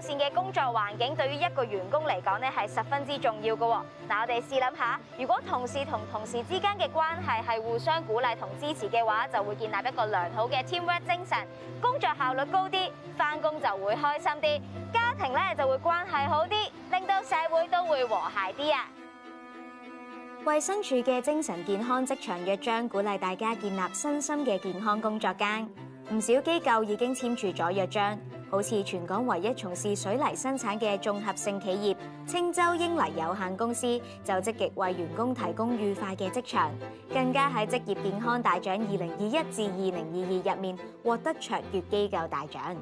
線嘅工作環境對於一個員工嚟講咧係十分之重要㗎。嗱，我哋試諗下，如果同事同同事之間嘅關係係互相鼓勵同支持嘅話，就會建立一個良好嘅 teamwork 精神，工作效率高啲，翻工就會開心啲，家庭咧就會關係好啲，令到社會都會和諧啲啊。衛生署嘅精神健康職場約章鼓勵大家建立身心嘅健康工作間，唔少機構已經簽署咗約章。好似全港唯一從事水泥生產嘅綜合性企業青洲英坭有限公司，就積極為員工提供愉快嘅職場，更加喺職業健康大獎二零二一至二零二二入面獲得卓越機構大獎。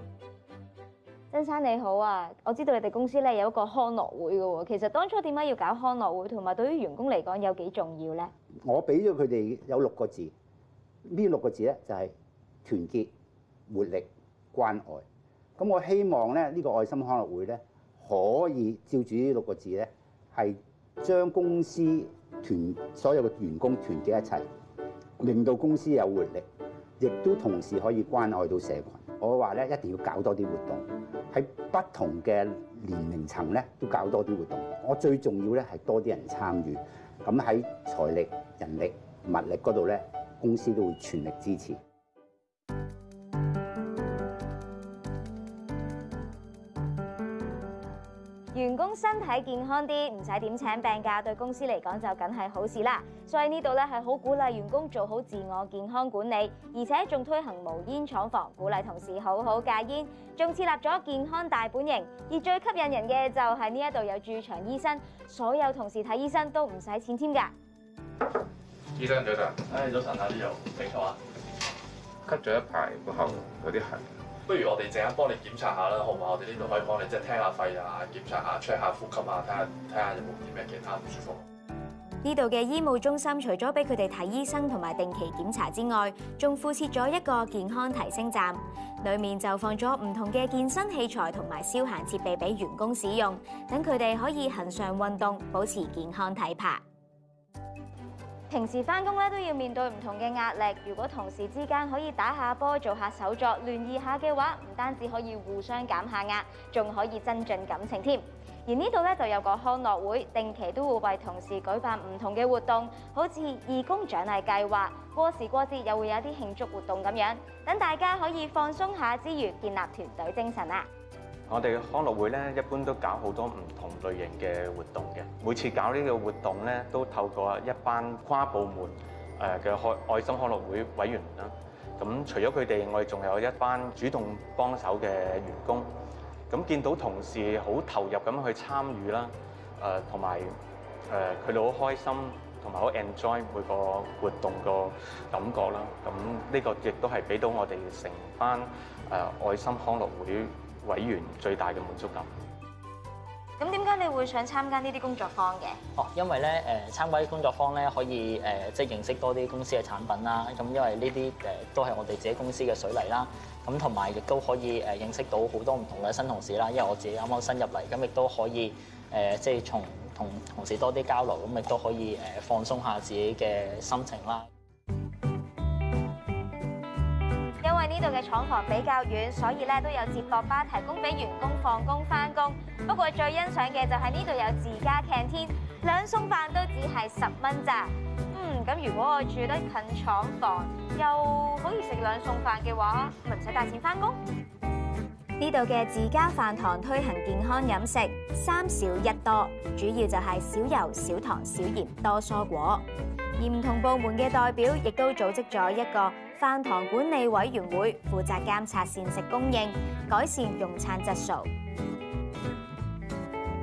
曾生你好啊，我知道你哋公司咧有一個康樂會嘅喎。其實當初點解要搞康樂會，同埋對於員工嚟講有幾重要咧？我俾咗佢哋有六個字，呢六個字咧就係團結、活力、關愛。咁我希望咧，呢這個愛心康樂會咧，可以照住呢六個字咧，係將公司團所有嘅員工團結一齊，令到公司有活力，亦都同時可以關愛到社群。我話咧，一定要搞多啲活動，喺不同嘅年齡層咧，都搞多啲活動。我最重要咧，係多啲人參與，咁喺財力、人力、物力嗰度咧，公司都會全力支持。員工身體健康啲，唔使點請病假，對公司嚟講就梗係好事啦。所以呢度咧係好鼓勵員工做好自我健康管理，而且仲推行無煙廠房，鼓勵同事好好戒煙，仲設立咗健康大本營。而最吸引人嘅就係呢一度有駐場醫生，所有同事睇醫生都唔使錢添㗎。醫生早晨，哎早晨啊，呢度清楚啊？咳咗一排，個喉嚨，有啲痕。不如我哋陣間幫你檢查下啦，好唔好？我哋呢度可以幫你即係、就是、聽下肺啊，檢查下、Check 下呼吸啊，睇下睇下有冇啲咩其他唔舒服。呢度嘅醫務中心除咗俾佢哋睇醫生同埋定期檢查之外，仲附設咗一個健康提升站，裡面就放咗唔同嘅健身器材同埋消閒設備俾員工使用，等佢哋可以恆常運動，保持健康體魄。平時翻工咧都要面對唔同嘅壓力，如果同事之間可以打下波、做下手作、聯誼下嘅話，唔單止可以互相減下壓，仲可以增進感情添。而呢度咧就有個康樂會，定期都會為同事舉辦唔同嘅活動，好似義工獎勵計劃，過時過節又會有一啲慶祝活動咁樣，等大家可以放鬆下之餘，建立團隊精神啊！我哋康樂會咧，一般都搞好多唔同類型嘅活動嘅。每次搞呢個活動咧，都透過一班跨部門誒嘅愛心康樂會委員啦。咁除咗佢哋，我哋仲有一班主動幫手嘅員工。咁見到同事好投入咁去參與啦，誒同埋誒佢哋好開心，同埋好 enjoy 每個活動個感覺啦。咁呢個亦都係俾到我哋成班誒愛心康樂會委員最大嘅滿足感。咁點解你會想參加呢啲工作坊嘅？哦，因為咧誒參加啲工作坊咧，可以誒、呃、即係認識多啲公司嘅產品啦。咁、啊、因為呢啲誒都係我哋自己公司嘅水泥啦。咁同埋亦都可以誒認識到好多唔同嘅新同事啦。因為我自己啱啱新入嚟，咁亦都可以誒、呃、即係從同同事多啲交流，咁亦都可以誒放鬆下自己嘅心情啦。啊。呢度嘅廠房比較遠，所以咧都有接駁巴提供俾員工放工翻工。不過最欣賞嘅就係呢度有自家 canteen，兩餸飯都只係十蚊咋。嗯，咁如果我住得近廠房，又可以食兩餸飯嘅話，唔使帶錢翻工。呢度嘅自家飯堂推行健康飲食，三少一多，主要就係少油、少糖、少鹽，多蔬果。而唔同部門嘅代表亦都組織咗一個。飯堂管理委員會負責監察膳食供應，改善用餐質素。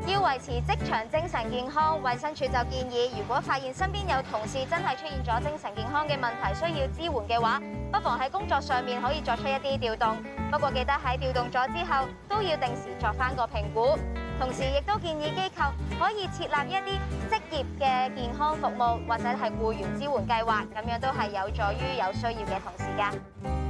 要維持職場精神健康，衛生署就建議，如果發現身邊有同事真係出現咗精神健康嘅問題，需要支援嘅話，不妨喺工作上面可以作出一啲調動。不過記得喺調動咗之後，都要定時作返個評估。同時，亦都建議機構可以設立一啲職業嘅健康服務，或者係僱員支援計劃，咁樣都係有助於有需要嘅同事㗎。